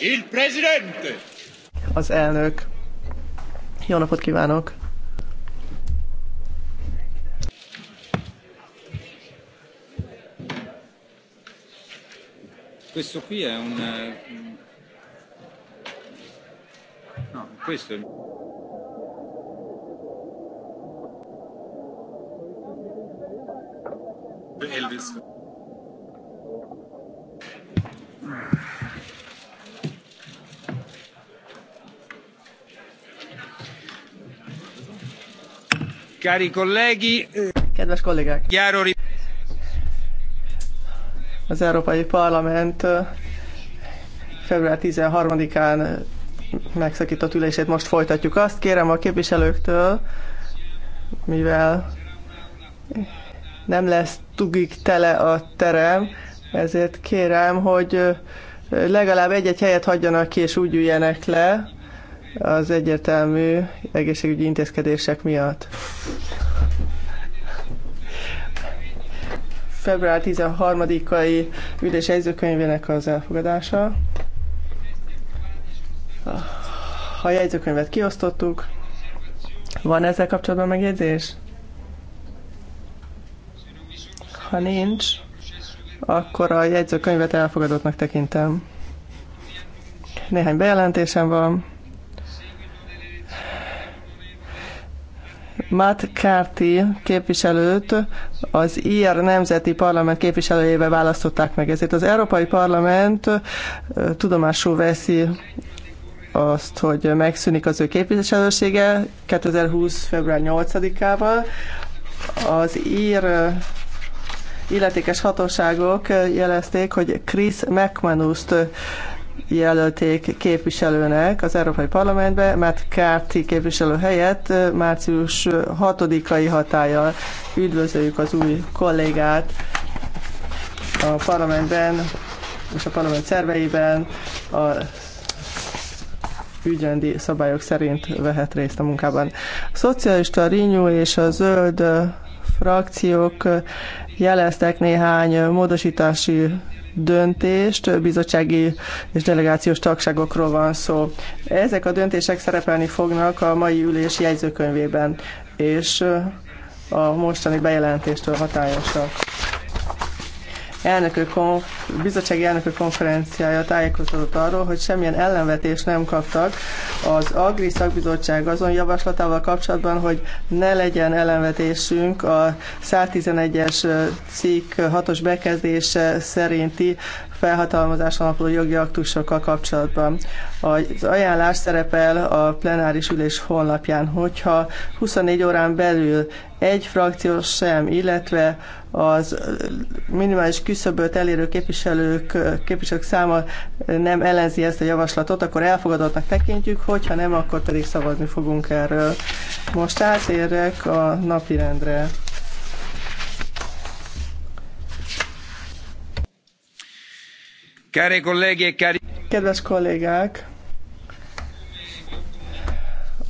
Il presidente! Az elnök. Jó napot kívánok! Questo qui è un... Eh, no, questo è... Elvis. Cari colleghi, kedves kollégák! Az Európai Parlament február 13-án megszakított ülését most folytatjuk. Azt kérem a képviselőktől, mivel nem lesz tugik tele a terem, ezért kérem, hogy legalább egy-egy helyet hagyjanak ki, és úgy üljenek le, az egyértelmű egészségügyi intézkedések miatt. Február 13-ai üdés jegyzőkönyvének az elfogadása. A jegyzőkönyvet kiosztottuk. Van ezzel kapcsolatban megjegyzés? Ha nincs, akkor a jegyzőkönyvet elfogadottnak tekintem. Néhány bejelentésem van. Matt Carty képviselőt az ír nemzeti parlament képviselőjébe választották meg. Ezért az Európai Parlament tudomásul veszi azt, hogy megszűnik az ő képviselősége 2020. február 8-ával. Az ír illetékes hatóságok jelezték, hogy Chris McManus-t jelölték képviselőnek az Európai Parlamentbe, mert Kárti képviselő helyett március 6-ai hatállyal üdvözöljük az új kollégát a parlamentben és a parlament szerveiben a ügyrendi szabályok szerint vehet részt a munkában. A szocialista, a Rinyú és a zöld frakciók jeleztek néhány módosítási döntést, bizottsági és delegációs tagságokról van szó. Ezek a döntések szerepelni fognak a mai ülés jegyzőkönyvében, és a mostani bejelentéstől hatályosak elnökök bizottsági elnökök konferenciája tájékoztatott arról, hogy semmilyen ellenvetést nem kaptak az Agri szakbizottság azon javaslatával kapcsolatban, hogy ne legyen ellenvetésünk a 111-es cikk 6-os bekezdése szerinti felhatalmazás alapuló jogi aktusokkal kapcsolatban. Az ajánlás szerepel a plenáris ülés honlapján, hogyha 24 órán belül egy frakció sem, illetve az minimális küszöböt elérő képviselők, képviselők száma nem ellenzi ezt a javaslatot, akkor elfogadottnak tekintjük, hogyha nem, akkor pedig szavazni fogunk erről. Most átérek a napirendre. E Kedves kollégák,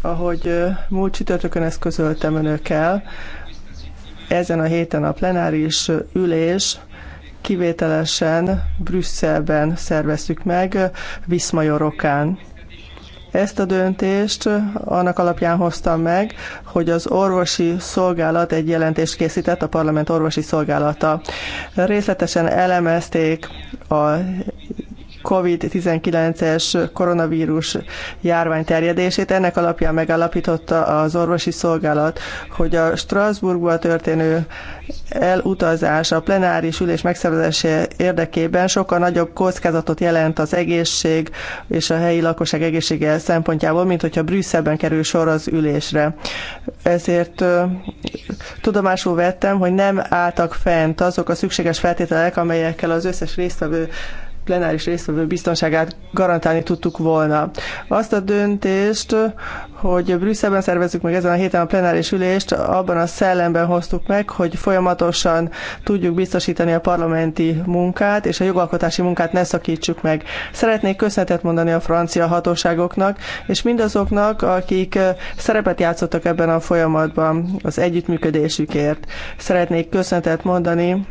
ahogy múlt csütörtökön ezt közöltem önökkel, ezen a héten a plenáris ülés kivételesen Brüsszelben szerveztük meg, Viszmajorokán. Ezt a döntést annak alapján hoztam meg, hogy az orvosi szolgálat egy jelentést készített, a parlament orvosi szolgálata. Részletesen elemezték a COVID-19-es koronavírus járvány terjedését. Ennek alapján megalapította az orvosi szolgálat, hogy a Strasbourgba történő elutazás a plenáris ülés megszervezése érdekében sokkal nagyobb kockázatot jelent az egészség és a helyi lakosság egészsége szempontjából, mint hogyha Brüsszelben kerül sor az ülésre. Ezért tudomásul vettem, hogy nem álltak fent azok a szükséges feltételek, amelyekkel az összes résztvevő plenáris résztvevő biztonságát garantálni tudtuk volna. Azt a döntést, hogy Brüsszelben szervezzük meg ezen a héten a plenáris ülést, abban a szellemben hoztuk meg, hogy folyamatosan tudjuk biztosítani a parlamenti munkát, és a jogalkotási munkát ne szakítsuk meg. Szeretnék köszönetet mondani a francia hatóságoknak, és mindazoknak, akik szerepet játszottak ebben a folyamatban az együttműködésükért. Szeretnék köszönetet mondani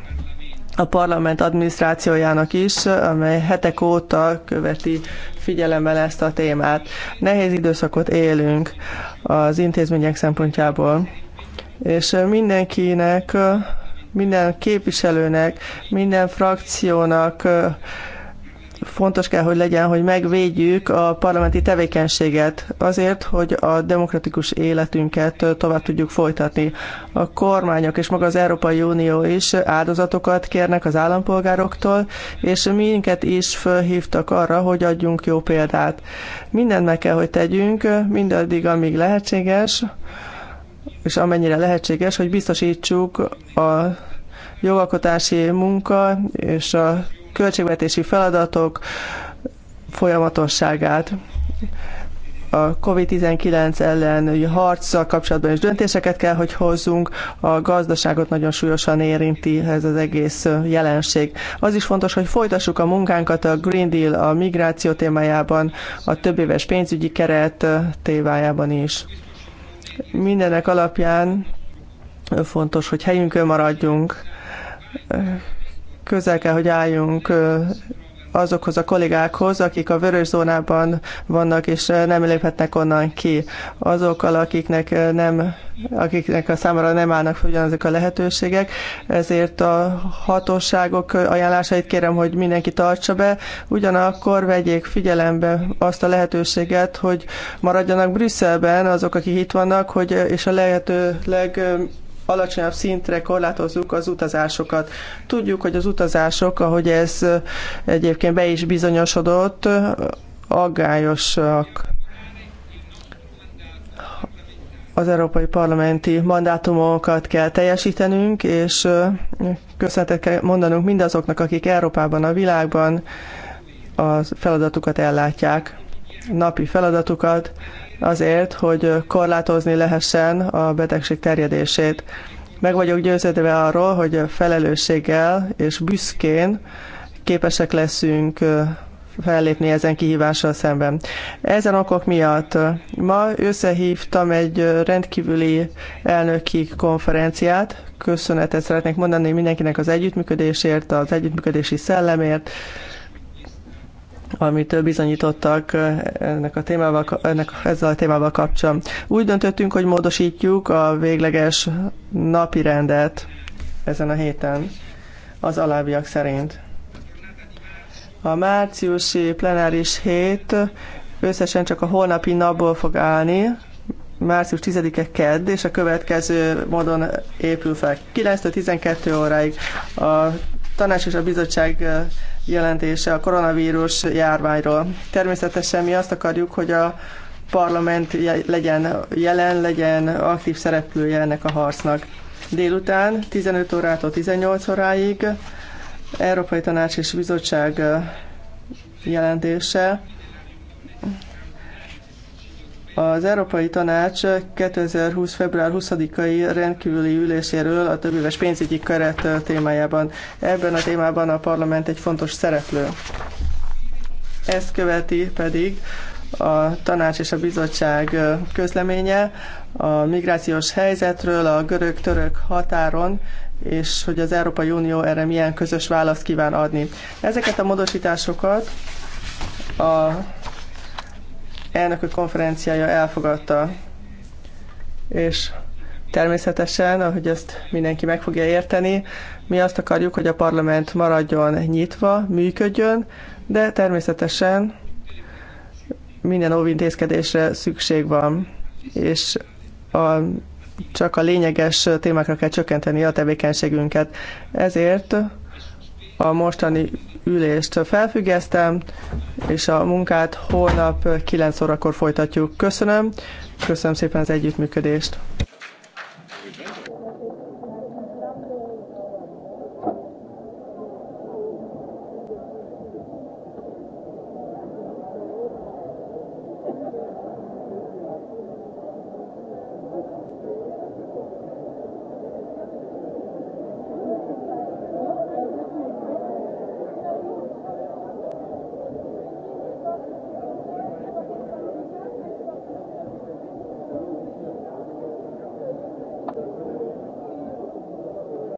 a parlament adminisztrációjának is, amely hetek óta követi figyelemmel ezt a témát. Nehéz időszakot élünk az intézmények szempontjából, és mindenkinek, minden képviselőnek, minden frakciónak fontos kell, hogy legyen, hogy megvédjük a parlamenti tevékenységet azért, hogy a demokratikus életünket tovább tudjuk folytatni. A kormányok és maga az Európai Unió is áldozatokat kérnek az állampolgároktól, és minket is fölhívtak arra, hogy adjunk jó példát. Mindent meg kell, hogy tegyünk, mindaddig, amíg lehetséges, és amennyire lehetséges, hogy biztosítsuk a jogalkotási munka és a költségvetési feladatok folyamatosságát a COVID-19 ellen harccal kapcsolatban is döntéseket kell, hogy hozzunk. A gazdaságot nagyon súlyosan érinti ez az egész jelenség. Az is fontos, hogy folytassuk a munkánkat a Green Deal a migráció témájában, a éves pénzügyi keret témájában is. Mindenek alapján fontos, hogy helyünkön maradjunk közel kell, hogy álljunk azokhoz a kollégákhoz, akik a vörös zónában vannak és nem léphetnek onnan ki. Azokkal, akiknek, nem, akiknek a számára nem állnak ugyanazok a lehetőségek, ezért a hatóságok ajánlásait kérem, hogy mindenki tartsa be, ugyanakkor vegyék figyelembe azt a lehetőséget, hogy maradjanak Brüsszelben azok, akik itt vannak, hogy, és a lehető leg alacsonyabb szintre korlátozzuk az utazásokat. Tudjuk, hogy az utazások, ahogy ez egyébként be is bizonyosodott, aggályosak az európai parlamenti mandátumokat kell teljesítenünk, és köszönetet kell mondanunk mindazoknak, akik Európában, a világban a feladatukat ellátják, napi feladatukat, azért, hogy korlátozni lehessen a betegség terjedését. Meg vagyok győződve arról, hogy felelősséggel és büszkén képesek leszünk fellépni ezen kihívással szemben. Ezen okok miatt ma összehívtam egy rendkívüli elnöki konferenciát. Köszönetet szeretnék mondani mindenkinek az együttműködésért, az együttműködési szellemért, amit bizonyítottak eh, ennek a témával, ennek, ezzel a témával kapcsolatban. Úgy döntöttünk, hogy módosítjuk a végleges napi rendet ezen a héten az alábbiak szerint. A márciusi plenáris hét összesen csak a holnapi napból fog állni, március 10-e kedd, és a következő módon épül fel 9-12 óráig. A tanács és a bizottság eh, jelentése a koronavírus járványról. Természetesen mi azt akarjuk, hogy a parlament legyen jelen, legyen aktív szereplője ennek a harcnak. Délután 15 órától 18 óráig Európai Tanács és Bizottság jelentése az Európai Tanács 2020. február 20-ai rendkívüli üléséről a többéves pénzügyi keret témájában. Ebben a témában a parlament egy fontos szereplő. Ezt követi pedig a tanács és a bizottság közleménye a migrációs helyzetről, a görög-török határon, és hogy az Európai Unió erre milyen közös választ kíván adni. Ezeket a módosításokat a elnökök konferenciája elfogadta. És természetesen, ahogy ezt mindenki meg fogja érteni, mi azt akarjuk, hogy a parlament maradjon nyitva, működjön, de természetesen minden óvintézkedésre szükség van, és a, csak a lényeges témákra kell csökkenteni a tevékenységünket. Ezért a mostani ülést felfüggesztem, és a munkát holnap 9 órakor folytatjuk. Köszönöm, köszönöm szépen az együttműködést.